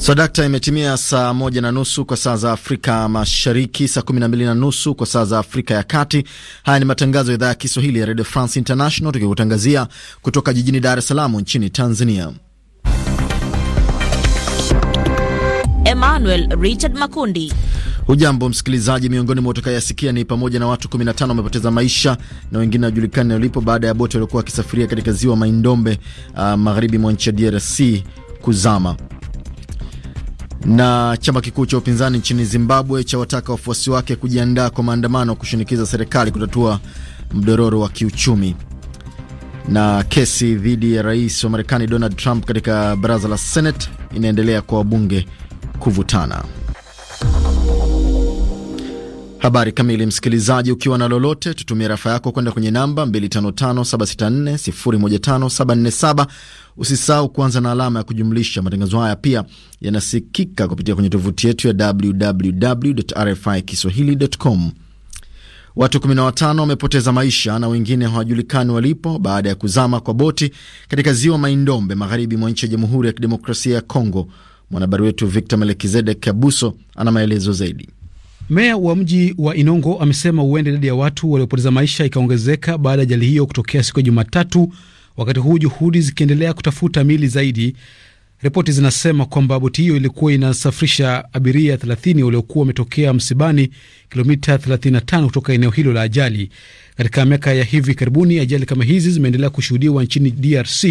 So, dakta, imetimia saa moja na nusu kwa saa za Afrika Mashariki, saa kumi na mbili na nusu kwa saa za Afrika ya Kati. Haya ni matangazo ya idhaa ya Kiswahili ya Radio France International, tukikutangazia kutoka jijini Dar es Salaam nchini Tanzania. Emmanuel Richard Makundi. Hujambo msikilizaji, miongoni mwa utakayasikia ni pamoja na watu 15 wamepoteza maisha na wengine wajulikani walipo baada ya boti waliokuwa wakisafiria katika ziwa Maindombe, uh, magharibi mwa nchi ya DRC kuzama. Na chama kikuu cha upinzani nchini Zimbabwe chawataka wafuasi wake kujiandaa kwa maandamano kushinikiza serikali kutatua mdororo wa kiuchumi. Na kesi dhidi ya rais wa Marekani Donald Trump katika baraza la Senate inaendelea kwa wabunge kuvutana. Habari kamili, msikilizaji, ukiwa na lolote, tutumie rafa yako kwenda kwenye namba 255764015747. Usisahau kuanza na alama ya kujumlisha. Matangazo haya pia yanasikika kupitia kwenye tovuti yetu ya www.rfikiswahili.com. Watu 15 wamepoteza maisha na wengine hawajulikani walipo baada ya kuzama kwa boti katika ziwa Maindombe, magharibi mwa nchi ya Jamhuri ya Kidemokrasia ya Kongo. Mwanahabari wetu Victor Melekizedek abuso ana maelezo zaidi. Meya wa mji wa Inongo amesema huenda idadi ya watu waliopoteza maisha ikaongezeka baada ya ajali hiyo kutokea siku ya Jumatatu, wakati huu juhudi zikiendelea kutafuta mili zaidi. Ripoti zinasema kwamba boti hiyo ilikuwa inasafirisha abiria 30 waliokuwa wametokea msibani, kilomita 35 kutoka eneo hilo la ajali. Katika miaka ya hivi karibuni, ajali kama hizi zimeendelea kushuhudiwa nchini DRC,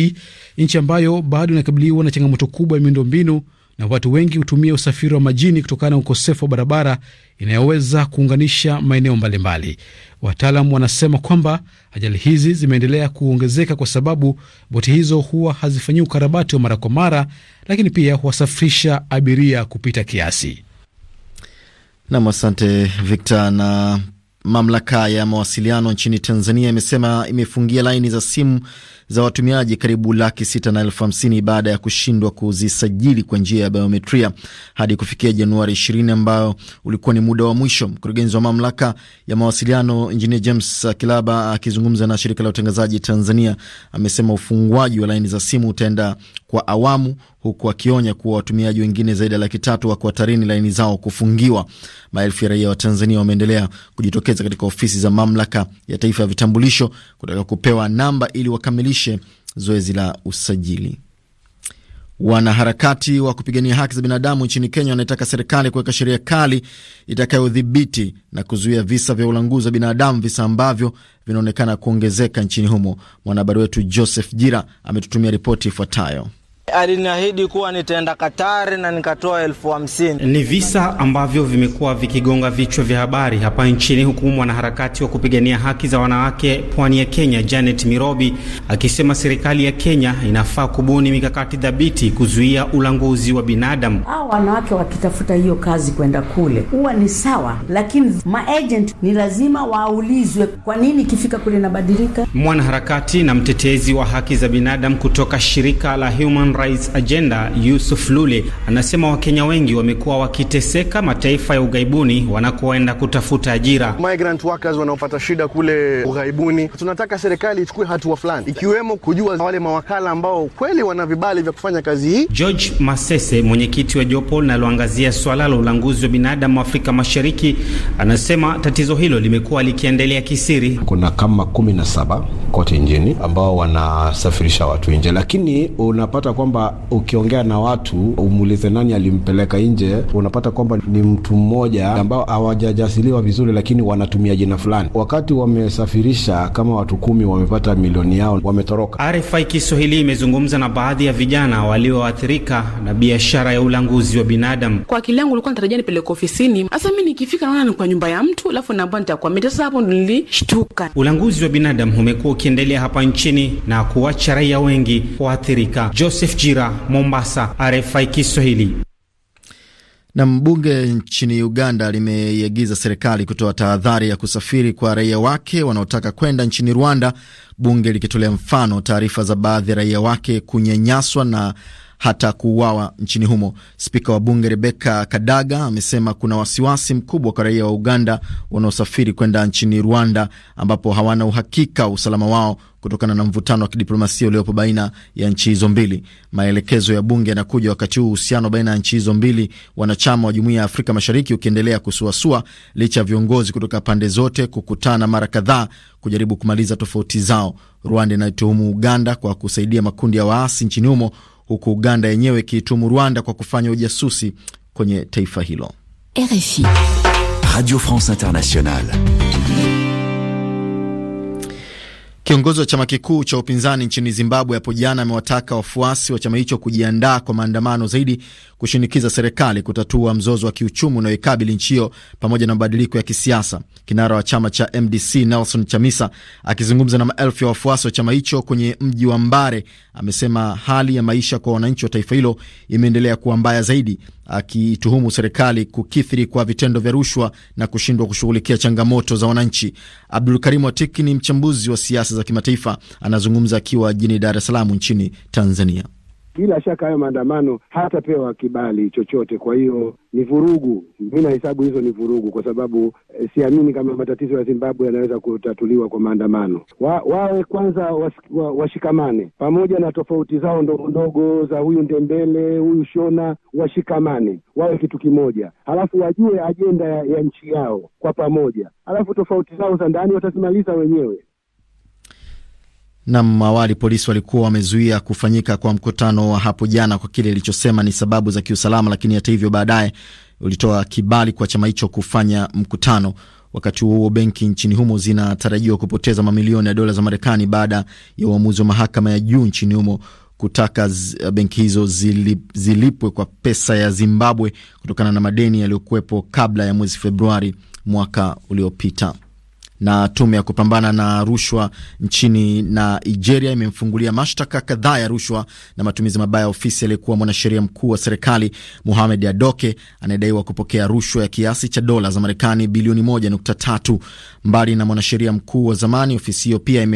nchi ambayo bado inakabiliwa na changamoto kubwa ya miundombinu na watu wengi hutumia usafiri wa majini kutokana na ukosefu wa barabara inayoweza kuunganisha maeneo mbalimbali. Wataalam wanasema kwamba ajali hizi zimeendelea kuongezeka kwa sababu boti hizo huwa hazifanyii ukarabati wa mara kwa mara, lakini pia huwasafirisha abiria kupita kiasi. Nam, asante Victor. Na mamlaka ya mawasiliano nchini Tanzania imesema imefungia laini za simu za watumiaji karibu laki sita na elfu hamsini baada ya kushindwa kuzisajili kwa njia ya biometria hadi kufikia Januari 20 ambayo ulikuwa ni muda wa mwisho. Mkurugenzi wa mamlaka ya mawasiliano Injinia James Kilaba akizungumza na shirika la utangazaji Tanzania amesema ufunguaji wa laini za simu utaenda kwa awamu, huku akionya kuwa watumiaji wengine zaidi ya laki tatu wako hatarini laini zao kufungiwa. Maelfu ya raia wa Tanzania wameendelea kujitokeza katika ofisi za mamlaka ya taifa ya vitambulisho kutaka kupewa namba ili wakamilishe zoezi la usajili. Wanaharakati wa kupigania haki za binadamu nchini Kenya wanaitaka serikali kuweka sheria kali itakayodhibiti na kuzuia visa vya ulanguzi wa binadamu, visa ambavyo vinaonekana kuongezeka nchini humo. Mwanahabari wetu Joseph Jira ametutumia ripoti ifuatayo. Aliniahidi kuwa nitaenda Katari na nikatoa elfu hamsini. Ni visa ambavyo vimekuwa vikigonga vichwa vya habari hapa nchini, huku mwanaharakati wa kupigania haki za wanawake pwani ya Kenya Janet Mirobi akisema serikali ya Kenya inafaa kubuni mikakati thabiti kuzuia ulanguzi wa binadamu. Hao wanawake wakitafuta hiyo kazi kwenda kule huwa ni sawa, lakini maagent ni lazima waulizwe, kwa nini ikifika kule inabadilika. Mwanaharakati na mtetezi wa haki za binadamu kutoka shirika la Human Rights Agenda, Yusuf Lule anasema Wakenya wengi wamekuwa wakiteseka mataifa ya ughaibuni wanakoenda kutafuta ajira. Migrant workers wanaopata shida kule ughaibuni, tunataka serikali ichukue hatua fulani, ikiwemo kujua wale mawakala ambao kweli wana vibali vya kufanya kazi hii. George Masese, mwenyekiti wa jopo linaloangazia swala la ulanguzi wa binadamu Afrika Mashariki, anasema tatizo hilo limekuwa likiendelea kisiri. Kuna kama kumi na saba kote nchini ambao wanasafirisha watu nje, lakini unapata kwa kwamba ukiongea na watu umuulize nani alimpeleka nje, unapata kwamba ni mtu mmoja ambao hawajajasiliwa vizuri, lakini wanatumia jina fulani. Wakati wamesafirisha kama watu kumi, wamepata milioni yao, wametoroka. RFI Kiswahili imezungumza na baadhi ya vijana walioathirika na biashara ya ulanguzi wa binadamu. Kwa akili yangu ulikuwa natarajia nipeleke ofisini, hasa mi nikifika naona ni kwa nyumba ya mtu alafu naambia nitakwameta. Sasa hapo nilishtuka. Ulanguzi wa binadamu umekuwa ukiendelea hapa nchini na kuwacha raia wengi kuathirika. Joseph Jira, Mombasa, RFI Kiswahili. Na mbunge nchini Uganda limeiagiza serikali kutoa tahadhari ya kusafiri kwa raia wake wanaotaka kwenda nchini Rwanda, bunge likitolea mfano taarifa za baadhi ya raia wake kunyanyaswa na hata kuuawa nchini humo. Spika wa bunge Rebeka Kadaga amesema kuna wasiwasi mkubwa kwa raia wa Uganda wanaosafiri kwenda nchini Rwanda, ambapo hawana uhakika wa usalama wao kutokana na mvutano wa kidiplomasia uliopo baina ya nchi hizo mbili. Maelekezo ya bunge yanakuja wakati huu uhusiano baina ya nchi hizo mbili wanachama wa jumuiya ya Afrika Mashariki ukiendelea kusuasua licha ya viongozi kutoka pande zote kukutana mara kadhaa kujaribu kumaliza tofauti zao. Rwanda inaituhumu Uganda kwa kusaidia makundi ya waasi nchini humo huku Uganda yenyewe ikiitumu Rwanda kwa kufanya ujasusi kwenye taifa hilo. RFI Radio France Internationale. Kiongozi wa chama kikuu cha upinzani nchini Zimbabwe hapo jana amewataka wafuasi wa chama hicho kujiandaa kwa maandamano zaidi kushinikiza serikali kutatua mzozo wa kiuchumi unaoikabili nchi hiyo pamoja na mabadiliko ya kisiasa. Kinara wa chama cha MDC Nelson Chamisa akizungumza na maelfu ya wafuasi wa chama hicho kwenye mji wa Mbare amesema hali ya maisha kwa wananchi wa taifa hilo imeendelea kuwa mbaya zaidi, akiituhumu serikali kukithiri kwa vitendo vya rushwa na kushindwa kushughulikia changamoto za wananchi. Abdul karimu Watiki ni mchambuzi wa siasa za kimataifa, anazungumza akiwa jijini Dar es Salaam nchini Tanzania. Bila shaka hayo maandamano hatapewa kibali chochote, kwa hiyo ni vurugu. Mi nahesabu hizo ni vurugu, kwa sababu e, siamini kama matatizo ya Zimbabwe yanaweza kutatuliwa kwa maandamano. Wa, wawe kwanza was, wa, washikamane pamoja na tofauti zao ndogo ndogo za huyu Ndembele huyu Shona, washikamane wawe kitu kimoja, halafu wajue ajenda ya, ya nchi yao kwa pamoja, halafu tofauti zao za ndani watazimaliza wenyewe. Nam, awali polisi walikuwa wamezuia kufanyika kwa mkutano wa hapo jana kwa kile ilichosema ni sababu za kiusalama, lakini hata hivyo baadaye ulitoa kibali kwa chama hicho kufanya mkutano. Wakati huo huo, benki nchini humo zinatarajiwa kupoteza mamilioni ya dola za Marekani baada ya uamuzi wa mahakama ya juu nchini humo kutaka eh, benki hizo zilip, zilipwe kwa pesa ya Zimbabwe kutokana na madeni yaliyokuwepo kabla ya mwezi Februari mwaka uliopita na tume ya kupambana na rushwa nchini na Nigeria imemfungulia mashtaka kadhaa ya rushwa na matumizi mabaya ya ofisi aliyekuwa mwanasheria mkuu wa serikali Mohamed Adoke anayedaiwa kupokea rushwa ya kiasi cha dola za Marekani bilioni 1.3. Mbali na mwanasheria mkuu wa zamani, ofisi hiyo pia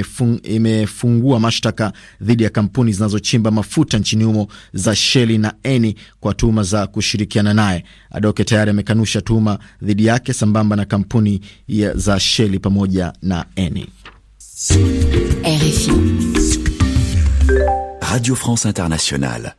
imefungua mashtaka dhidi ya kampuni zinazochimba mafuta nchini humo za Sheli na Eni kwa tuhuma za kushirikiana naye. Adoke tayari amekanusha tuhuma dhidi yake sambamba na kampuni ya za Sheli pamoja na Eni. RFI Radio France Internationale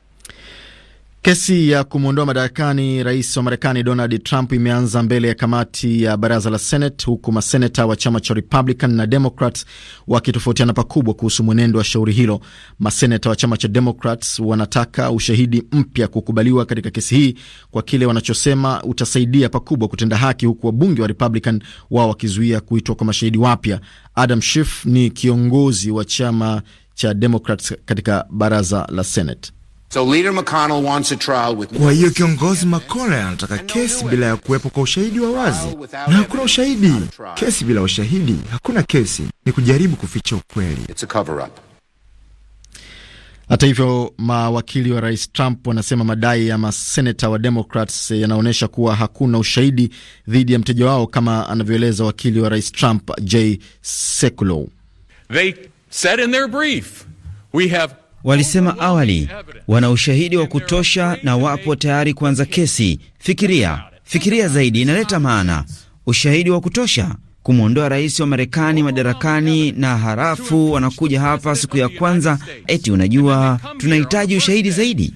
Kesi ya kumwondoa madarakani rais wa Marekani Donald Trump imeanza mbele ya kamati ya baraza la Senate, huku maseneta wa chama cha Republican na democrat wakitofautiana pakubwa kuhusu mwenendo wa shauri hilo. Maseneta wa chama cha Democrats wanataka ushahidi mpya kukubaliwa katika kesi hii kwa kile wanachosema utasaidia pakubwa kutenda haki, huku wabunge wa Republican wao wakizuia kuitwa kwa mashahidi wapya. Adam Schiff ni kiongozi wa chama cha Democrats katika baraza la Senate. So leader McConnell wants a trial with... Kwa hiyo kiongozi McConnell anataka kesi bila ya kuwepo kwa ushahidi wa wazi, na hakuna ushahidi. Kesi bila ushahidi, hakuna kesi, ni kujaribu kuficha ukweli. It's a cover up. Hata hivyo mawakili wa rais Trump wanasema madai ya maseneta wa Democrats yanaonyesha kuwa hakuna ushahidi dhidi ya mteja wao, kama anavyoeleza wakili wa rais Trump Jay Sekulow. They said in their brief, we have Walisema awali wana ushahidi wa kutosha na wapo tayari kuanza kesi. Fikiria, fikiria zaidi, inaleta maana. Ushahidi wa kutosha kumwondoa rais wa Marekani madarakani, na harafu wanakuja hapa siku ya kwanza, eti unajua, tunahitaji ushahidi zaidi.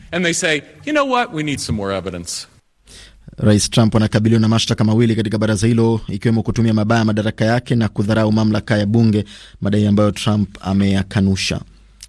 Rais Trump anakabiliwa na mashtaka mawili katika baraza hilo ikiwemo kutumia mabaya madaraka yake na kudharau mamlaka ya bunge, madai ambayo Trump ameyakanusha.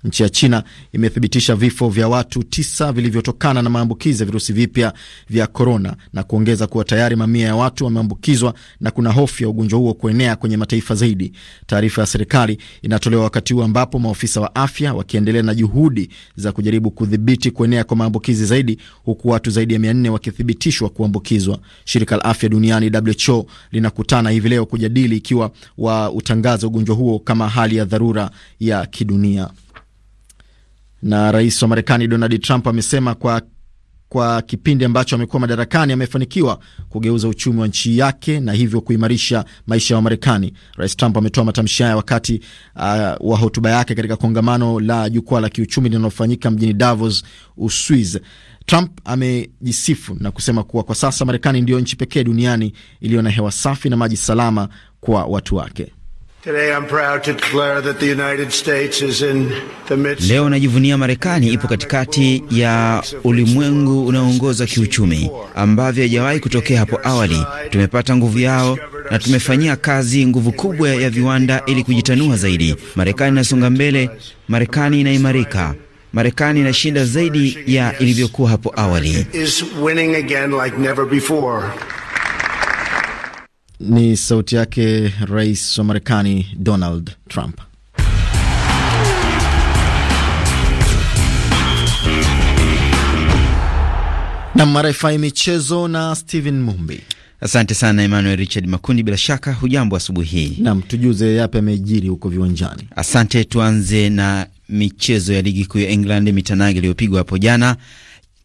Nchi ya China imethibitisha vifo vya watu tisa vilivyotokana na maambukizi ya virusi vipya vya korona na kuongeza kuwa tayari mamia ya watu wameambukizwa na kuna hofu ya ugonjwa huo kuenea kwenye mataifa zaidi. Taarifa ya serikali inatolewa wakati huu ambapo maofisa wa afya wakiendelea na juhudi za kujaribu kudhibiti kuenea kwa maambukizi zaidi, huku watu zaidi ya mia nne wakithibitishwa kuambukizwa. Shirika la afya duniani WHO linakutana hivi leo kujadili ikiwa wa ugonjwa huo kama hali ya dharura ya kidunia. Na rais wa Marekani Donald Trump amesema kwa kwa kipindi ambacho amekuwa madarakani amefanikiwa kugeuza uchumi wa nchi yake na hivyo kuimarisha maisha ya Wamarekani. Rais Trump ametoa matamshi haya wakati uh, wa hotuba yake katika kongamano la jukwaa la kiuchumi linalofanyika mjini Davos, Uswiz. Trump amejisifu na kusema kuwa kwa sasa Marekani ndiyo nchi pekee duniani iliyo na hewa safi na maji salama kwa watu wake. Leo najivunia Marekani ipo katikati ya ulimwengu unaoongoza kiuchumi, ambavyo haijawahi kutokea hapo awali. Tumepata nguvu yao na tumefanyia kazi nguvu kubwa ya viwanda ili kujitanua zaidi. Marekani inasonga mbele, Marekani inaimarika, Marekani inashinda zaidi ya ilivyokuwa hapo awali. Ni sauti yake rais wa Marekani Donald Trump. Nam marefai michezo na Steven Mumbi. Asante sana Emmanuel Richard Makundi, bila shaka hujambo asubuhi hii. Nam, tujuze yapi amejiri huko viwanjani. Asante, tuanze na michezo ya ligi kuu ya England, mitanage iliyopigwa hapo jana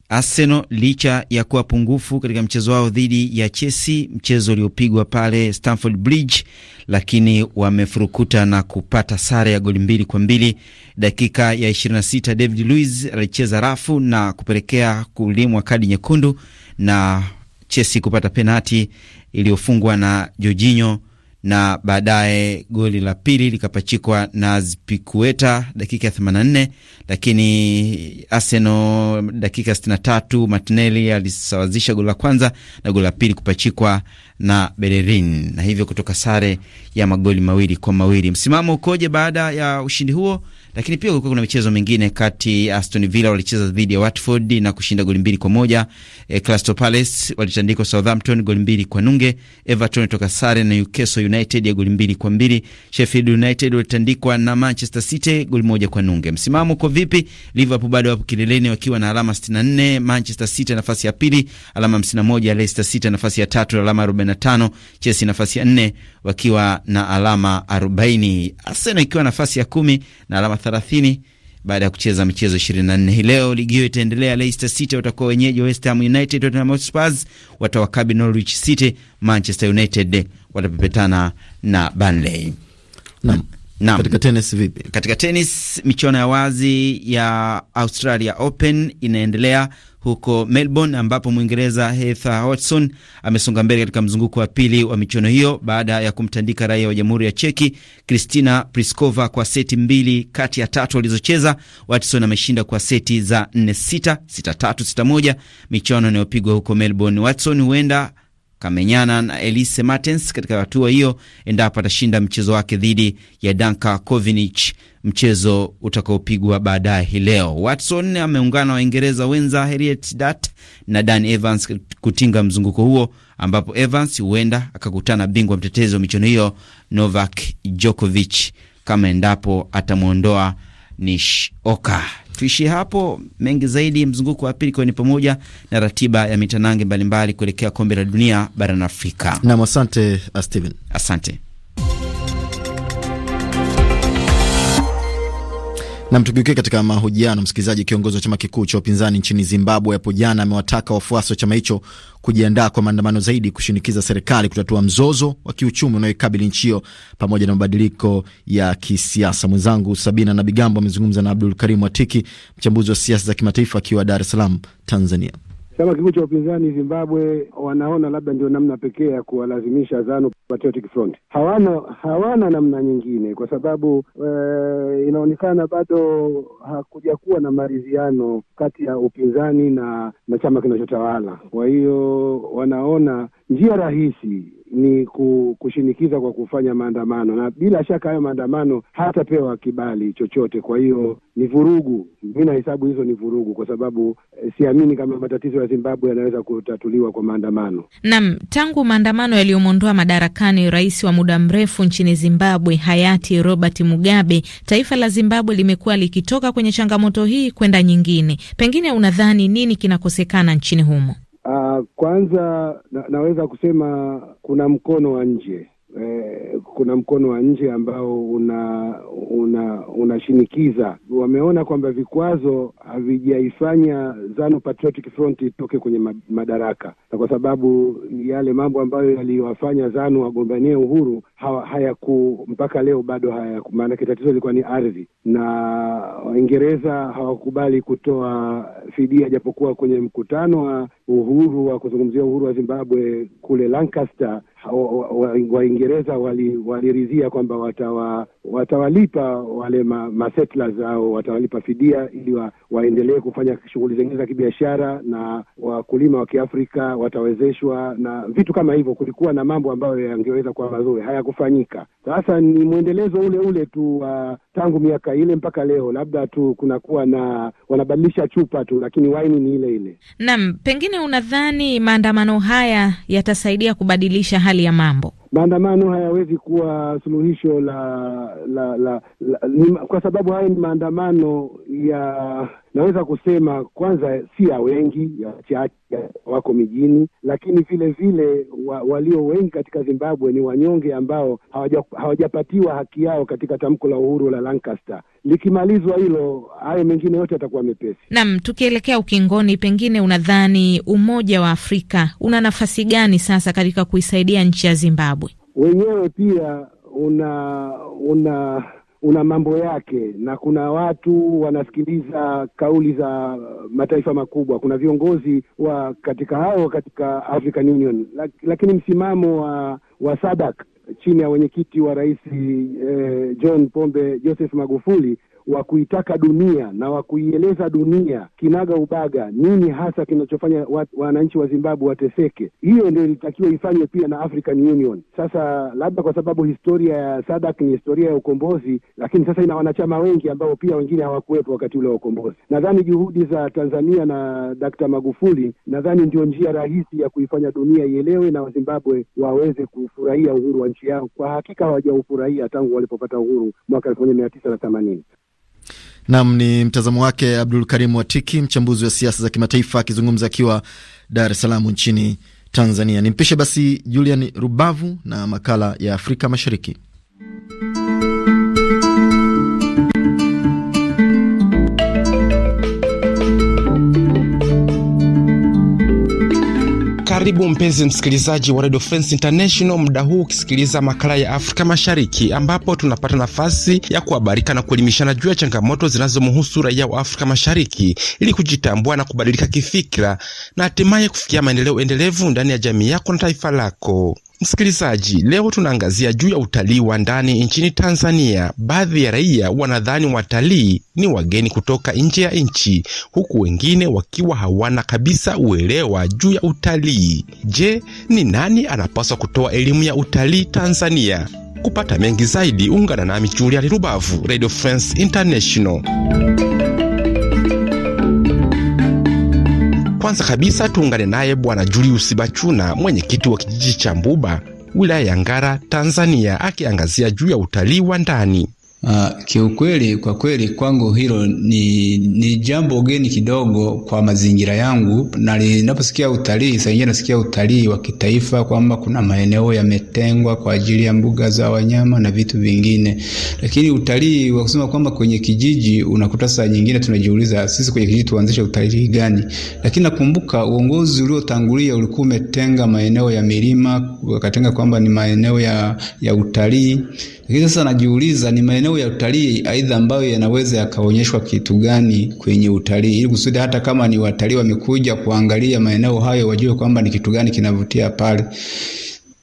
Arsenal licha ya kuwa pungufu katika mchezo wao dhidi ya Chelsea, mchezo uliopigwa pale Stamford Bridge, lakini wamefurukuta na kupata sare ya goli mbili kwa mbili. Dakika ya 26 David Luiz alicheza rafu na kupelekea kulimwa kadi nyekundu na Chelsea kupata penati iliyofungwa na Jorginho na baadaye goli la pili likapachikwa na Azpilicueta dakika ya 84, lakini Arsenal dakika 63 Martinelli alisawazisha goli la kwanza na goli la pili kupachikwa na Bererin na hivyo kutoka sare ya magoli mawili kwa mawili. Msimamo ukoje baada ya ushindi huo? Lakini pia kulikuwa kuna michezo mingine kati, ya Aston Villa walicheza dhidi ya Watford na kushinda goli mbili kwa moja. E, Crystal Palace walitandikwa Southampton goli mbili kwa nunge. Everton toka sare na Newcastle United ya goli mbili kwa mbili. Sheffield United walitandikwa na Manchester City goli moja kwa nunge. Msimamo uko vipi? Liverpool bado wapo kileleni wakiwa na alama 64, Manchester City nafasi ya pili alama 51, Leicester City nafasi ya tatu alama 40 45, Chelsea nafasi ya nne wakiwa na alama 40, Arsenal ikiwa nafasi ya kumi na alama 30 baada ya kucheza michezo 24 hii leo. Ligi hiyo itaendelea. Leicester City watakuwa wenyeji wa West Ham United. Tottenham Hotspur watawakabili Norwich City. Manchester United watapepetana na Burnley. Naam. Naam. Katika tenis vipi? Katika tenis michuano ya wazi ya Australia Open inaendelea huko Melbourne, ambapo Mwingereza Heather Watson amesonga mbele katika mzunguko wa pili wa michuano hiyo baada ya kumtandika raia wa Jamhuri ya Cheki Kristina priskova kwa seti mbili kati ya tatu walizocheza. Watson ameshinda kwa seti za 4-6, 6 michuano inayopigwa huko Melbourne. Watson huenda kamenyana na Elise Martens katika hatua hiyo endapo atashinda mchezo wake dhidi ya Danka kovinich mchezo utakaopigwa baadaye hii leo. Watson ameungana na Waingereza wenza Harriet Dart na Dan Evans kutinga mzunguko huo, ambapo Evans huenda akakutana bingwa mtetezi wa michuano hiyo Novak Djokovic kama endapo atamwondoa Nishioka. Tuishie hapo, mengi zaidi mzunguko wa pili, ikiwa ni pamoja na ratiba ya mitanange mbalimbali kuelekea kombe la dunia barani Afrika. Nam, asante Steven, asante. Nam, tugeukie katika mahojiano. Msikilizaji, kiongozi wa chama kikuu cha upinzani nchini Zimbabwe hapo jana amewataka wafuasi wa chama hicho kujiandaa kwa maandamano zaidi kushinikiza serikali kutatua mzozo wa kiuchumi unaoikabili nchi hiyo pamoja na mabadiliko ya kisiasa. Mwenzangu Sabina na Bigambo amezungumza na Abdul Karimu Atiki, mchambuzi wa siasa za kimataifa akiwa Dar es Salaam, Tanzania. Chama kikuu cha upinzani Zimbabwe wanaona labda ndio namna pekee ya kuwalazimisha ZANU Patriotic Front. Hawana hawana namna nyingine, kwa sababu e, inaonekana bado hakuja kuwa na maridhiano kati ya upinzani na na chama kinachotawala. Kwa hiyo wanaona Njia rahisi ni kushinikiza kwa kufanya maandamano, na bila shaka hayo maandamano hatapewa kibali chochote. Kwa hiyo ni vurugu, mi nahesabu hizo ni vurugu, kwa sababu e, siamini kama matatizo ya Zimbabwe yanaweza kutatuliwa kwa maandamano. Naam, tangu maandamano yaliyomwondoa madarakani rais wa muda mrefu nchini Zimbabwe hayati Robert Mugabe, taifa la Zimbabwe limekuwa likitoka kwenye changamoto hii kwenda nyingine. Pengine unadhani nini kinakosekana nchini humo? Uh, kwanza na, naweza kusema kuna mkono wa nje eh, kuna mkono wa nje ambao una unashinikiza una wameona kwamba vikwazo havijaifanya Zanu Patriotic Front itoke kwenye madaraka, na kwa sababu yale mambo ambayo yaliwafanya Zanu wagombanie uhuru hayaku mpaka leo bado hayaku, maanake tatizo ilikuwa ni ardhi, na Waingereza hawakubali kutoa fidia, japokuwa kwenye mkutano wa uhuru wa kuzungumzia uhuru wa Zimbabwe kule Lancaster Waingereza waliridhia wali kwamba watawa, watawalipa wale ma, au watawalipa fidia ili wa, waendelee kufanya shughuli zingine za kibiashara, na wakulima wa Kiafrika watawezeshwa na vitu kama hivyo. Kulikuwa na mambo ambayo yangeweza kuwa mazuri, hayakufanyika. Sasa ni mwendelezo ule ule tu uh, tangu miaka ile mpaka leo, labda tu kunakuwa na wanabadilisha chupa tu, lakini waini ni ile ile. Naam, pengine unadhani maandamano haya yatasaidia kubadilisha hali hali ya mambo? Maandamano hayawezi kuwa suluhisho la, la, la, la, la, kwa sababu haya ni maandamano ya naweza kusema kwanza, si ya wengi, ya wachache wako mijini, lakini vile vile wa, walio wengi katika Zimbabwe ni wanyonge ambao hawajapatiwa hawaja haki yao katika tamko la uhuru la Lancaster. Likimalizwa hilo, hayo mengine yote yatakuwa mepesi. nam tukielekea ukingoni, pengine unadhani Umoja wa Afrika una nafasi gani sasa katika kuisaidia nchi ya Zimbabwe? Wenyewe pia una una una mambo yake, na kuna watu wanasikiliza kauli za mataifa makubwa. Kuna viongozi wa katika hao katika African Union, lakini msimamo wa wa sadak chini ya wenyekiti wa rais eh, John Pombe Joseph Magufuli wa kuitaka dunia na wa kuieleza dunia kinaga ubaga nini hasa kinachofanya wananchi wa Zimbabwe wateseke. Hiyo ndio ilitakiwa ifanywe pia na African Union. Sasa labda kwa sababu historia ya SADC ni historia ya ukombozi, lakini sasa ina wanachama wengi ambao pia wengine hawakuwepo wakati ule wa ukombozi. Nadhani juhudi za Tanzania na Dr. Magufuli, nadhani ndio njia rahisi ya kuifanya dunia ielewe na Wazimbabwe waweze kufurahia uhuru wa nchi yao. Kwa hakika hawajaufurahia tangu walipopata uhuru mwaka elfu moja mia tisa na themanini. Nam ni mtazamo wake Abdul Karim Watiki, mchambuzi wa siasa za kimataifa akizungumza akiwa Dar es Salaam nchini Tanzania. Nimpishe basi Julian Rubavu na makala ya Afrika Mashariki. Karibu mpenzi msikilizaji wa Radio France International, muda huu ukisikiliza makala ya Afrika Mashariki, ambapo tunapata nafasi ya kuhabarika na kuelimishana juu ya changamoto zinazomhusu raia wa Afrika Mashariki ili kujitambua na kubadilika kifikira na hatimaye kufikia maendeleo endelevu ndani ya jamii yako na taifa lako. Msikilizaji, leo tunaangazia juu ya utalii wa ndani nchini Tanzania. Baadhi ya raia wanadhani watalii ni wageni kutoka nje ya nchi, huku wengine wakiwa hawana kabisa uelewa juu ya utalii. Je, ni nani anapaswa kutoa elimu ya utalii Tanzania? Kupata mengi zaidi, ungana nami Juliani Rubavu, Radio France International. Kwanza kabisa tuungane naye Bwana Julius Bachuna, mwenyekiti wa kijiji cha Mbuba wilaya ya Ngara, Tanzania, akiangazia juu ya utalii wa ndani. Uh, kiukweli kwa kweli kwangu hilo ni, ni jambo geni kidogo kwa mazingira yangu, na ninaposikia utalii saa nasikia utalii wa kitaifa kwamba kuna maeneo yametengwa kwa ajili ya mbuga za wanyama na vitu vingine, lakini utalii wa kusema kwamba kwenye kijiji unakuta saa nyingine tunajiuliza sisi kwenye kijiji tuanzishe utalii gani? Lakini nakumbuka uongozi uliotangulia ulikuwa umetenga maeneo ya milima, wakatenga kwamba ni maeneo ya, ya utalii lakini sasa najiuliza ni maeneo ya utalii aidha ambayo yanaweza yakaonyeshwa kitu gani kwenye utalii, ili kusudi hata kama ni watalii wamekuja kuangalia maeneo hayo wajue kwamba ni kitu gani kinavutia pale.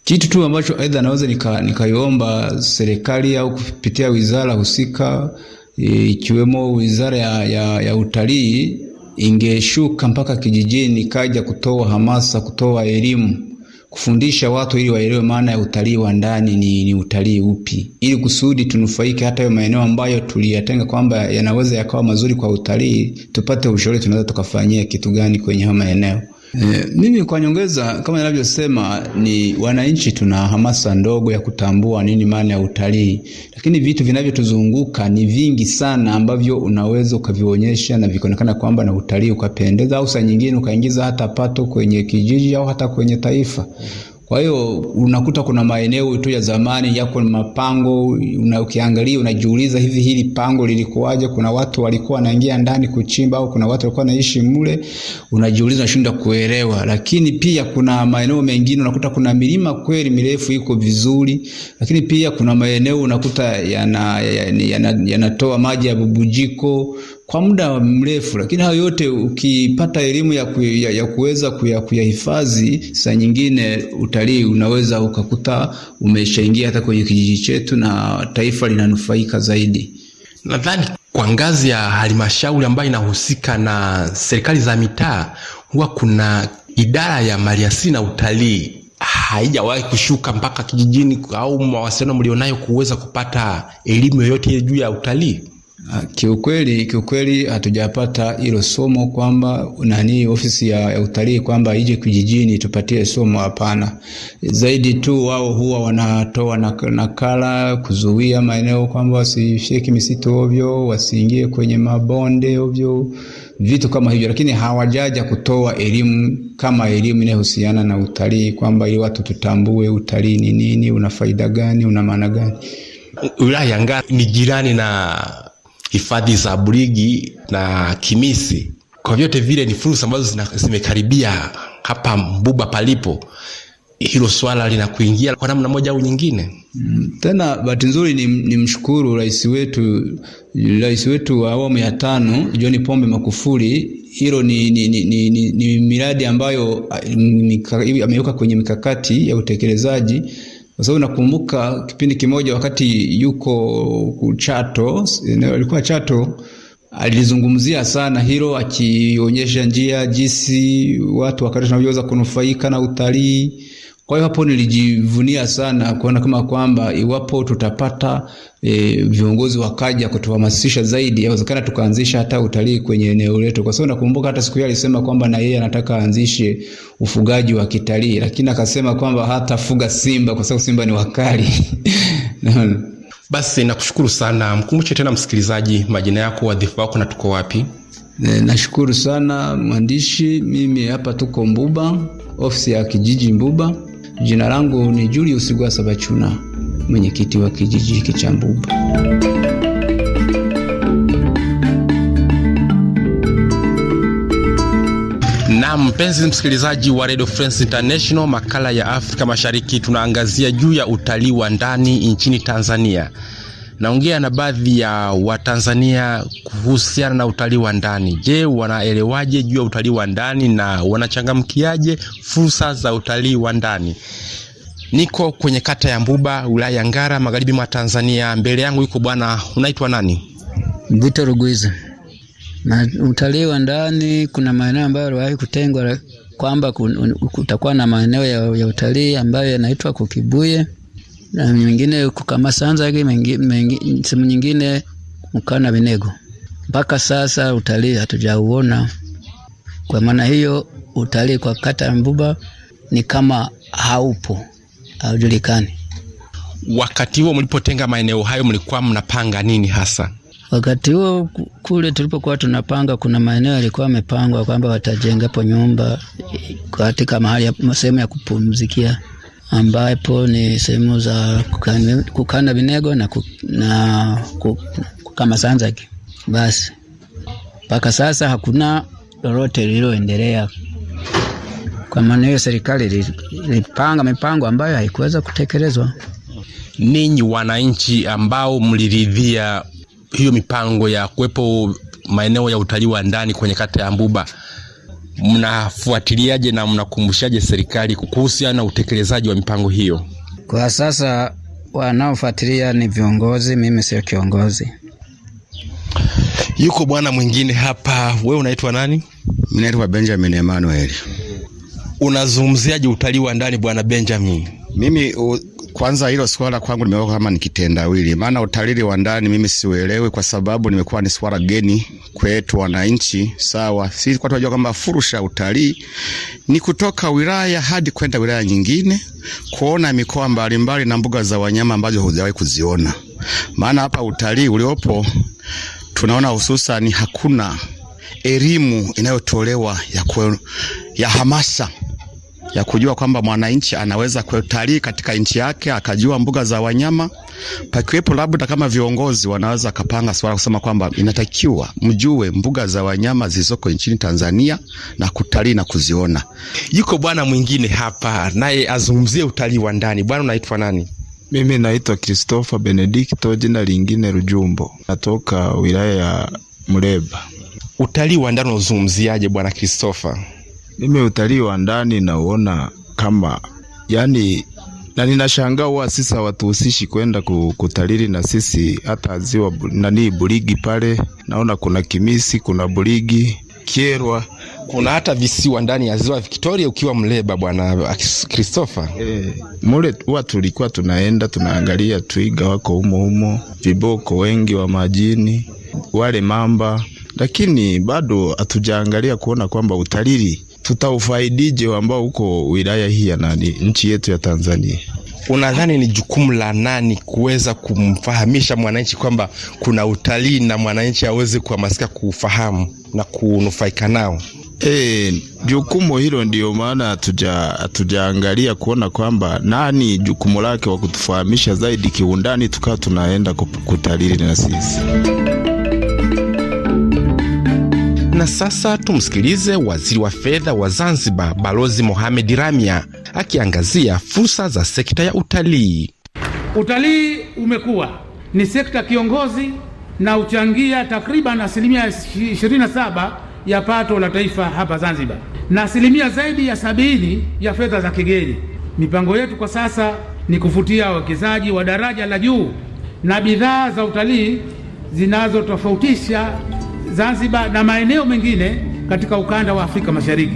Kitu tu ambacho aidha naweza nikaiomba nika serikali au kupitia wizara husika e, ikiwemo wizara ya, ya, ya utalii ingeshuka mpaka kijijini, kaja kutoa hamasa, kutoa elimu kufundisha watu ili waelewe maana ya utalii wa ndani ni, ni utalii upi, ili kusudi tunufaike hata hayo maeneo ambayo tuliyatenga kwamba yanaweza yakawa mazuri kwa utalii, tupate ushauri tunaweza tukafanyia kitu gani kwenye hayo maeneo. E, mimi kwa nyongeza kama ninavyosema ni wananchi tuna hamasa ndogo ya kutambua nini maana ya utalii, lakini vitu vinavyotuzunguka ni vingi sana ambavyo unaweza ukavionyesha na vikaonekana kwamba na utalii ukapendeza, au saa nyingine ukaingiza hata pato kwenye kijiji au hata kwenye taifa. Kwa hiyo unakuta kuna maeneo tu ya zamani yako mapango, una, ukiangalia unajiuliza hivi hili pango lilikuwaje? Kuna watu walikuwa wanaingia ndani kuchimba au kuna watu walikuwa wanaishi mule, unajiuliza, unashindwa kuelewa. Lakini pia kuna maeneo mengine unakuta kuna milima kweli mirefu iko vizuri, lakini pia kuna maeneo unakuta yanatoa yana, yana, yana maji ya bubujiko kwa muda mrefu, lakini hayo yote ukipata elimu ya, ya, ya kuweza kuyahifadhi, saa nyingine utalii unaweza ukakuta umeshaingia hata kwenye kijiji chetu na taifa linanufaika zaidi. Nadhani kwa ngazi ya halmashauri ambayo inahusika na serikali za mitaa, huwa kuna idara ya maliasili na utalii haijawahi kushuka mpaka kijijini, au mawasiliano mlionayo kuweza kupata elimu yoyote juu ya utalii? Ah, kiukweli, kiukweli hatujapata hilo somo kwamba nani ofisi ya, ya utalii kwamba ije kijijini tupatie somo, hapana. Zaidi tu wao huwa wanatoa nakala kuzuia maeneo kwamba wasifyeki misitu ovyo, wasiingie kwenye mabonde ovyo, vitu kama hivyo, lakini hawajaja kutoa elimu kama elimu inayohusiana na utalii kwamba ili watu tutambue utalii ni nini, una faida gani, una maana gani. Wilaya ya Ngara ni jirani na hifadhi za Burigi na Kimisi. Kwa vyote vile ni fursa ambazo zimekaribia hapa Mbuba palipo hilo swala linakuingia kwa namna moja au nyingine. Mm. Tena bahati nzuri ni, ni mshukuru rais wetu rais wetu wa awamu ya tano John Pombe Magufuli. Hilo ni, ni, ni, ni, ni, ni miradi ambayo ameweka kwenye mikakati ya utekelezaji kwa sababu nakumbuka kipindi kimoja wakati yuko Chato, alikuwa Chato, alizungumzia sana hilo, akionyesha njia jinsi watu wakati tunavyoweza kunufaika na utalii kwa hiyo hapo nilijivunia sana kuona kama kwamba iwapo tutapata e, viongozi wakaja kutuhamasisha zaidi, yawezekana tukaanzisha hata utalii kwenye eneo letu, kwa sababu nakumbuka hata siku hiyo alisema kwamba na yeye anataka aanzishe ufugaji wa kitalii, lakini akasema kwamba hatafuga simba kwa sababu simba ni wakali Basi nakushukuru sana. Mkumbushe tena msikilizaji majina yako, wadhifa wako na tuko wapi? E, nashukuru sana mwandishi, mimi hapa tuko Mbuba, ofisi ya kijiji Mbuba. Jina langu ni Julius Gwasa Bachuna, mwenyekiti wa kijiji hiki cha Mbuba. Na mpenzi msikilizaji wa Radio France International, makala ya Afrika Mashariki, tunaangazia juu ya utalii wa ndani nchini Tanzania. Naongea na baadhi ya Watanzania kuhusiana na utalii wa ndani. Je, wanaelewaje juu ya utalii wa ndani na wanachangamkiaje fursa za utalii wa ndani? Niko kwenye kata ya Mbuba, wilaya ya Ngara, magharibi mwa Tanzania. Mbele yangu yuko bwana, unaitwa nani? Vito Rugwiza. Na utalii wa ndani, kuna maeneo ambayo aliwahi kutengwa kwamba kutakuwa na maeneo ya, ya utalii ambayo yanaitwa Kukibuye na nyingine kukama sanzagi sehemu nyingine mkana Binego. Mpaka sasa utalii hatujauona. Kwa maana hiyo, utalii kwa kata ya Mbuba ni kama haupo, haujulikani. Wakati huo mlipotenga maeneo hayo, mlikuwa mnapanga nini hasa? Wakati huo kule tulipokuwa tunapanga, kuna maeneo yalikuwa yamepangwa kwamba watajenga po nyumba katika mahali sehemu ya kupumzikia ambapo ni sehemu za kukana, kukana binego na, ku, na kama sanzaki. Basi mpaka sasa hakuna lolote lililoendelea. Kwa maana hiyo, serikali ilipanga mipango ambayo haikuweza kutekelezwa. Ninyi wananchi ambao mliridhia hiyo mipango ya kuwepo maeneo ya utalii wa ndani kwenye kata ya Mbuba mnafuatiliaje na mnakumbushaje serikali kuhusiana na utekelezaji wa mipango hiyo? Kwa sasa wanaofuatilia ni viongozi, mimi sio kiongozi. Yuko bwana mwingine hapa. Wewe unaitwa nani? Mimi naitwa Benjamin Emmanuel. Unazungumziaje utalii wa ndani bwana Benjamin? Mimi kwanza hilo swala kwangu nimeweka kama ni kitendawili, maana utalili wa ndani mimi siuelewi, kwa sababu nimekuwa ni swala geni kwetu wananchi. Sawa, sisi kwa tunajua kwamba furusha utalii ni kutoka wilaya hadi kwenda wilaya nyingine, kuona mikoa mbalimbali na mbuga za wanyama ambazo hujawahi kuziona, maana hapa utalii uliopo tunaona hususani hakuna elimu inayotolewa ya, ya hamasa ya kujua kwamba mwananchi anaweza kutalii katika nchi yake akajua mbuga za wanyama, pakiwepo labda kama viongozi wanaweza kapanga swala kusema kwamba inatakiwa mjue mbuga za wanyama zilizoko nchini Tanzania na kutalii na kuziona. Yuko bwana mwingine hapa, naye azungumzie utalii wa ndani. Bwana, unaitwa nani? Mimi naitwa Christopher Benedicto, jina lingine Rujumbo, natoka wilaya ya Muleba. Utalii wa ndani unazungumziaje, bwana Christopher? mimi utalii wa ndani nauona kama yani, na ninashangaa huwa sisi hawatuhusishi kwenda kutalili na sisi, hata ziwa nani Burigi pale naona kuna Kimisi, kuna Burigi Kierwa, kuna hata visiwa ndani ya ziwa Victoria. Ukiwa Mleba bwana Christopher Eh, mule huwa tulikuwa tunaenda tunaangalia twiga wako humo humo, viboko wengi wa majini, wale mamba, lakini bado hatujaangalia kuona kwamba utalili tutaufaidije ambao huko wilaya hii ya nani nchi yetu ya Tanzania? Unadhani ni jukumu la nani kuweza kumfahamisha mwananchi kwamba kuna utalii na mwananchi aweze kuhamasika kuufahamu na kunufaika nao? E, jukumu hilo ndiyo maana hatujaangalia kuona kwamba nani jukumu lake wa kutufahamisha zaidi kiundani, tukawa tunaenda kutalili na sisi na sasa tumsikilize waziri wa fedha wa Zanzibar, Balozi Mohamed Ramia akiangazia fursa za sekta ya utalii. Utalii umekuwa ni sekta kiongozi na uchangia takriban asilimia 27 ya pato la taifa hapa Zanzibar na asilimia zaidi ya sabini ya fedha za kigeni. Mipango yetu kwa sasa ni kuvutia wawekezaji wa daraja la juu na bidhaa za utalii zinazotofautisha Zanzibar na maeneo mengine katika ukanda wa Afrika Mashariki.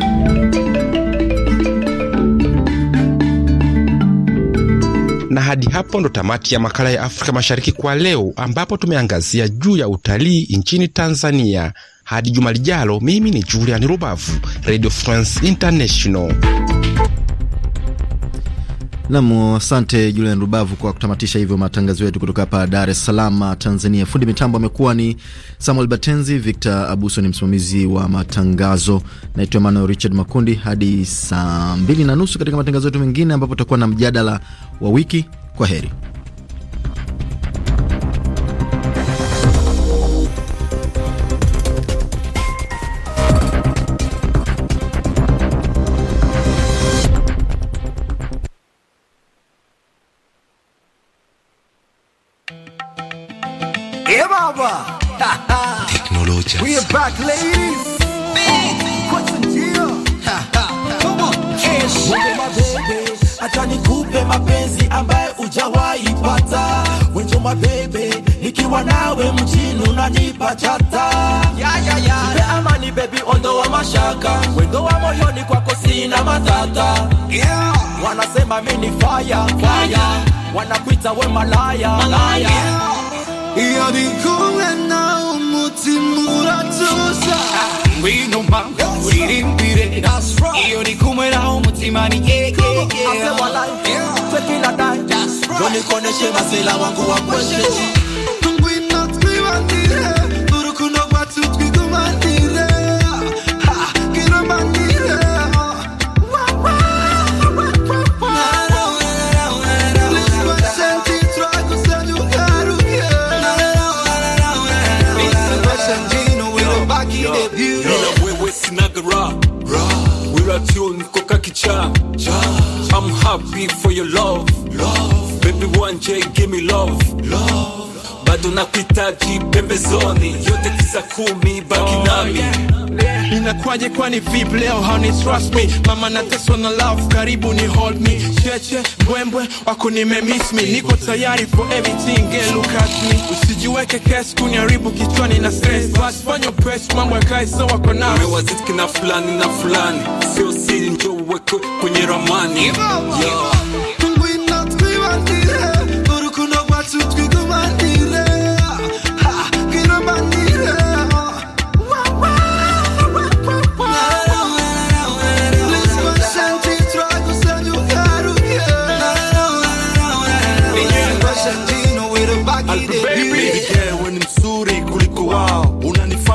Na hadi hapo ndo tamati ya makala ya Afrika Mashariki kwa leo, ambapo tumeangazia juu ya utalii nchini Tanzania. Hadi juma lijalo, mimi ni Julian Rubavu, Radio France International. Nam, asante Julian Rubavu kwa kutamatisha hivyo matangazo yetu kutoka hapa Dar es Salaam, Tanzania. Fundi mitambo amekuwa ni Samuel Batenzi, Victor Abuso ni msimamizi wa matangazo. Naitwa Emmanuel Richard Makundi. Hadi saa mbili na nusu katika matangazo yetu mengine, ambapo tutakuwa na mjadala wa wiki. Kwa heri. Eh, baba. mapenzi ambaye ujawahi pata, wenjo mabebe, nikiwa nawe mjini unanipa chata ya, ya, ya. amani bebi ondoa mashaka, wendo wa moyoni kwako sina matata yeah. Wanasema mimi ni fire, fire. Wanakuita we malaya, malaya. Yeah. io dico che non mutimura tusa Guido ma uri rimpire That's right Io dico me la mutimani yeah yeah yeah I say what I feel Take it a time That's right se la wangu wa kweshe tune Coca, kicha I'm happy for your love, love. Baby one J, give me love, love. bado nakuhitaji pembezoni, yote tisa kumi, baki nami Inakwaje kwani vip leo honey trust me mama na nateswa na love karibu ni hold me cheche mbwembwe wako nimemiss me niko tayari for everything girl look at me usijiweke kes kuniharibu kichwani na stress bas fanya press mambo yakae sawa na nafsi wazit kina fulani na fulani sio siri njoo uweko kwenye ramani yeah.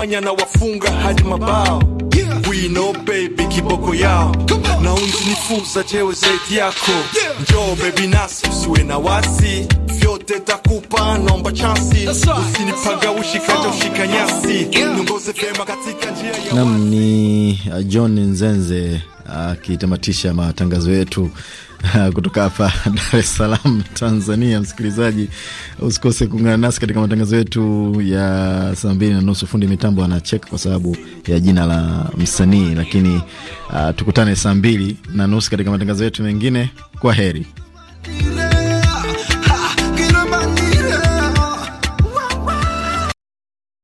wanawafanya na wafunga hadi mabao yeah. we know baby kiboko yao na unzinifuza jewe zaidi yako yeah. Njo baby nasi usiwe na wasi vyote takupa naomba chansi right. usinipaga ushikaja oh. ushika nyasi yeah. Nungoze vyema katika njia ya nam ni uh, john nzenze uh, akitamatisha matangazo yetu kutoka hapa Dar es Salaam, Tanzania. Msikilizaji, usikose kuungana nasi katika matangazo yetu ya saa mbili na nusu. Fundi mitambo anacheka kwa sababu ya jina la msanii, lakini uh, tukutane saa mbili na nusu katika matangazo yetu mengine. Kwa heri.